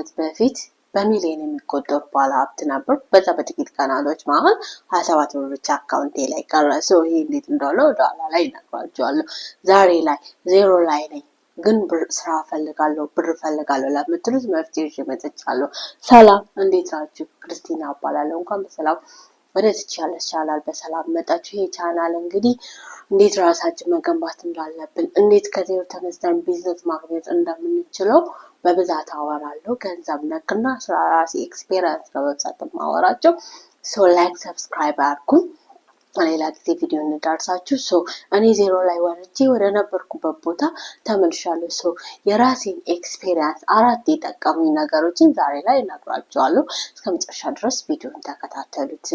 ዓመት በፊት በሚሊዮን የሚቆጠሩ ባለ ሀብት ነበር። በዛ በጥቂት ቀናቶች መሀል ሀያ ሰባት ብር ብቻ አካውንቴ ላይ ቀረ። ሰው ይሄ እንዴት እንደሆነ ወደኋላ ላይ እነግራቸዋለሁ። ዛሬ ላይ ዜሮ ላይ ነኝ፣ ግን ብር ስራ ፈልጋለሁ፣ ብር ፈልጋለሁ ለምትሉት መፍትሄ ይዤ መጥቻለሁ። ሰላም፣ እንዴት ናችሁ? ክርስቲና እባላለሁ። እንኳን በሰላም ወደዚህ ቻናል በሰላም መጣችሁ። ይሄ ቻናል እንግዲህ እንዴት ራሳችን መገንባት እንዳለብን፣ እንዴት ከዜሮ ተነስተን ቢዝነስ ማግኘት እንደምንችለው በብዛት አወራለሁ። ገንዘብ ነክና ስለራሴ ኤክስፔሪንስ ነው በብዛት የማወራቸው። ሶ ላይክ ሰብስክራይብ አድርጉኝ። ሌላ ጊዜ ቪዲዮ እንዳርሳችሁ። ሰው እኔ ዜሮ ላይ ወርጄ ወደ ነበርኩበት ቦታ ተመልሻለሁ። ሶ የራሴን ኤክስፔሪንስ አራት የጠቀሙኝ ነገሮችን ዛሬ ላይ እነግራችኋለሁ። እስከ መጨረሻ ድረስ ቪዲዮን ተከታተሉት።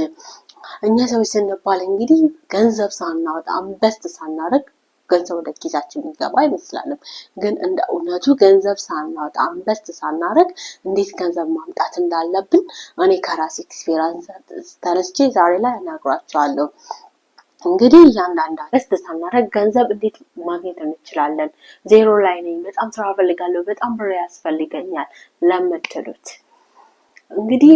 እኛ ሰዎች ስንባል እንግዲህ ገንዘብ ሳናወጣ አንበስት ሳናደርግ ገንዘብ ወደ ኪሳችን የሚገባ አይመስላልም። ግን እንደ እውነቱ ገንዘብ ሳናወጣ አንበስት ሳናረግ እንዴት ገንዘብ ማምጣት እንዳለብን እኔ ከራሴ ኤክስፔሪንስ ተነስቼ ዛሬ ላይ እነግራቸዋለሁ። እንግዲህ እያንዳንድ ኢንቨስት ሳናደርግ ገንዘብ እንዴት ማግኘት እንችላለን? ዜሮ ላይ ነኝ፣ በጣም ስራ ፈልጋለሁ፣ በጣም ብር ያስፈልገኛል ለምትሉት እንግዲህ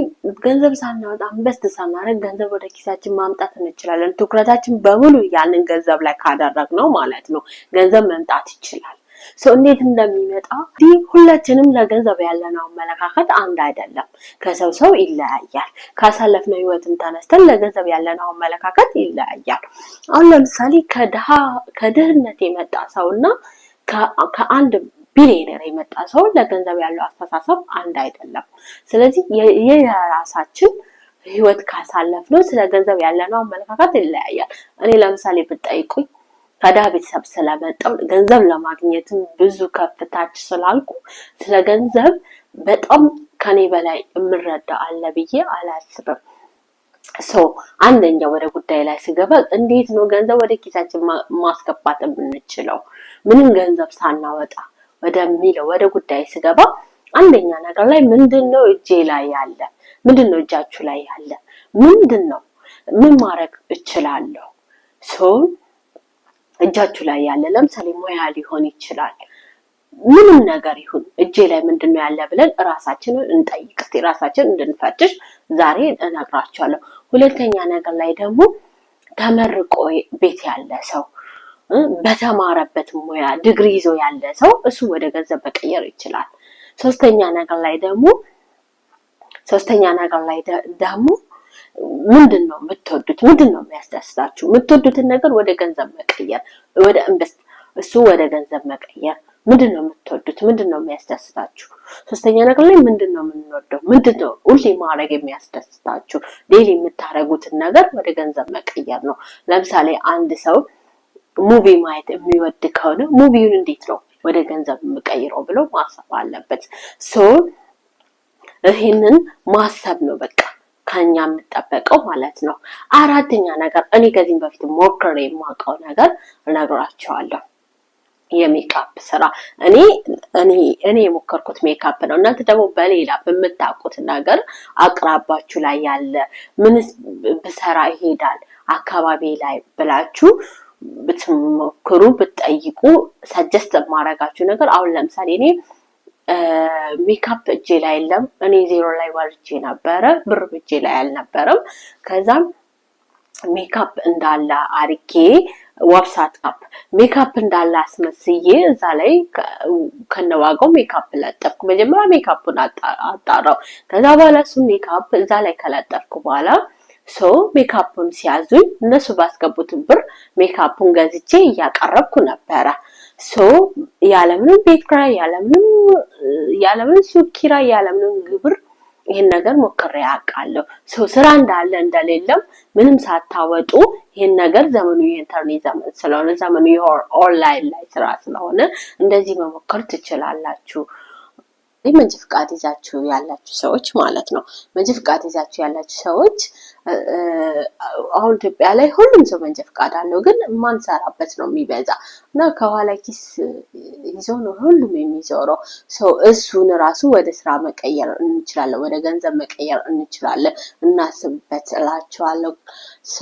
ገንዘብ ሳናወጣ ኢንቨስት ሳናደርግ ገንዘብ ወደ ኪሳችን ማምጣት እንችላለን። ትኩረታችን በሙሉ ያንን ገንዘብ ላይ ካደረግ ነው ማለት ነው ገንዘብ መምጣት ይችላል። ሰው እንዴት እንደሚመጣ እንዲህ ሁላችንም ለገንዘብ ያለነው አመለካከት አንድ አይደለም። ከሰው ሰው ይለያያል። ካሳለፍነው ህይወትም ተነስተን ለገንዘብ ያለነው አመለካከት ይለያያል። አሁን ለምሳሌ ከድህነት የመጣ ሰውና ከአንድ ቢሊዮነር የመጣ ሰው ለገንዘብ ያለው አስተሳሰብ አንድ አይደለም። ስለዚህ የራሳችን ህይወት ካሳለፍ ነው ስለ ገንዘብ ያለነው አመለካከት ይለያያል። እኔ ለምሳሌ ብጠይቁኝ ከድሃ ቤተሰብ ስለመጣሁ ገንዘብ ለማግኘትም ብዙ ከፍታች ስላልኩ ስለ ገንዘብ በጣም ከኔ በላይ የምረዳ አለ ብዬ አላስብም። ሶ አንደኛ ወደ ጉዳይ ላይ ስገባ እንዴት ነው ገንዘብ ወደ ኪሳችን ማስገባት የምንችለው? ምንም ገንዘብ ሳናወጣ ወደሚለው ወደ ጉዳይ ስገባ አንደኛ ነገር ላይ ምንድን ነው እጄ ላይ ያለ፣ ምንድን ነው እጃችሁ ላይ ያለ፣ ምንድን ነው ምን ማድረግ እችላለሁ? ሶ እጃችሁ ላይ ያለ ለምሳሌ ሙያ ሊሆን ይችላል። ምንም ነገር ይሁን እጄ ላይ ምንድን ነው ያለ ብለን እራሳችንን እንጠይቅ። ራሳችንን እንድንፈትሽ ዛሬ እነግራችኋለሁ። ሁለተኛ ነገር ላይ ደግሞ ተመርቆ ቤት ያለ ሰው በተማረበት ሙያ ድግሪ ይዞ ያለ ሰው እሱ ወደ ገንዘብ መቀየር ይችላል። ሶስተኛ ነገር ላይ ደግሞ ሶስተኛ ነገር ላይ ደግሞ ምንድን ነው የምትወዱት? ምንድን ነው የሚያስደስታችሁ? የምትወዱትን ነገር ወደ ገንዘብ መቀየር ወደ ኢንቨስት እሱ ወደ ገንዘብ መቀየር ምንድን ነው የምትወዱት? ምንድን ነው የሚያስደስታችሁ? ሶስተኛ ነገር ላይ ምንድን ነው የምንወደው? ምንድን ነው ሁሌ ማድረግ የሚያስደስታችሁ? ዴይሊ የምታደርጉትን ነገር ወደ ገንዘብ መቀየር ነው። ለምሳሌ አንድ ሰው ሙቪ ማየት የሚወድ ከሆነ ሙቪውን እንዴት ነው ወደ ገንዘብ የምቀይረው ብሎ ማሰብ አለበት። ሶ ይህንን ማሰብ ነው በቃ ከኛ የምጠበቀው ማለት ነው። አራተኛ ነገር እኔ ከዚህም በፊት ሞክሬ የማውቀው ነገር እነግራቸዋለሁ። የሜካፕ ስራ እኔ እኔ እኔ የሞከርኩት ሜካፕ ነው። እናንተ ደግሞ በሌላ በምታውቁት ነገር አቅራባችሁ ላይ ያለ ምንስ ብሰራ ይሄዳል አካባቢ ላይ ብላችሁ ብትሞክሩ ብትጠይቁ ሰጀስት የማረጋችሁ ነገር አሁን ለምሳሌ እኔ ሜካፕ እጄ ላይ የለም። እኔ ዜሮ ላይ ወርጄ ነበረ፣ ብር እጄ ላይ አልነበረም። ከዛም ሜካፕ እንዳለ አርጌ ዋብሳት ካፕ ሜካፕ እንዳለ አስመስዬ እዛ ላይ ከነዋጋው ሜካፕ ለጠፍኩ። መጀመሪያ ሜካፑን አጣራው። ከዛ በኋላ እሱ ሜካፕ እዛ ላይ ከለጠፍኩ በኋላ ሰው ሜካፑን ሲያዙኝ እነሱ ባስገቡትን ብር ሜካፑን ገዝቼ እያቀረብኩ ነበረ። ሶ ያለምንም ቤት ኪራይ፣ ያለምንም ያለምንም ሱቅ ኪራይ፣ ያለምንም ግብር ይህን ነገር ሞክሬ አውቃለሁ። ሰው ስራ እንዳለ እንደሌለም ምንም ሳታወጡ ይህን ነገር ዘመኑ የኢንተርኔት ዘመን ስለሆነ ዘመኑ የኦንላይን ላይ ስራ ስለሆነ እንደዚህ መሞከር ትችላላችሁ። ይህ መንጃ ፍቃድ ይዛችሁ ያላችሁ ሰዎች ማለት ነው። መንጃ ፍቃድ ይዛችሁ ያላችሁ ሰዎች አሁን ኢትዮጵያ ላይ ሁሉም ሰው መንጃ ፍቃድ አለው፣ ግን የማንሰራበት ነው የሚበዛ እና ከኋላ ኪስ ይዞ ነው ሁሉም የሚዞረው ሰው። እሱን ራሱ ወደ ስራ መቀየር እንችላለን፣ ወደ ገንዘብ መቀየር እንችላለን። እናስብበት እላችኋለሁ።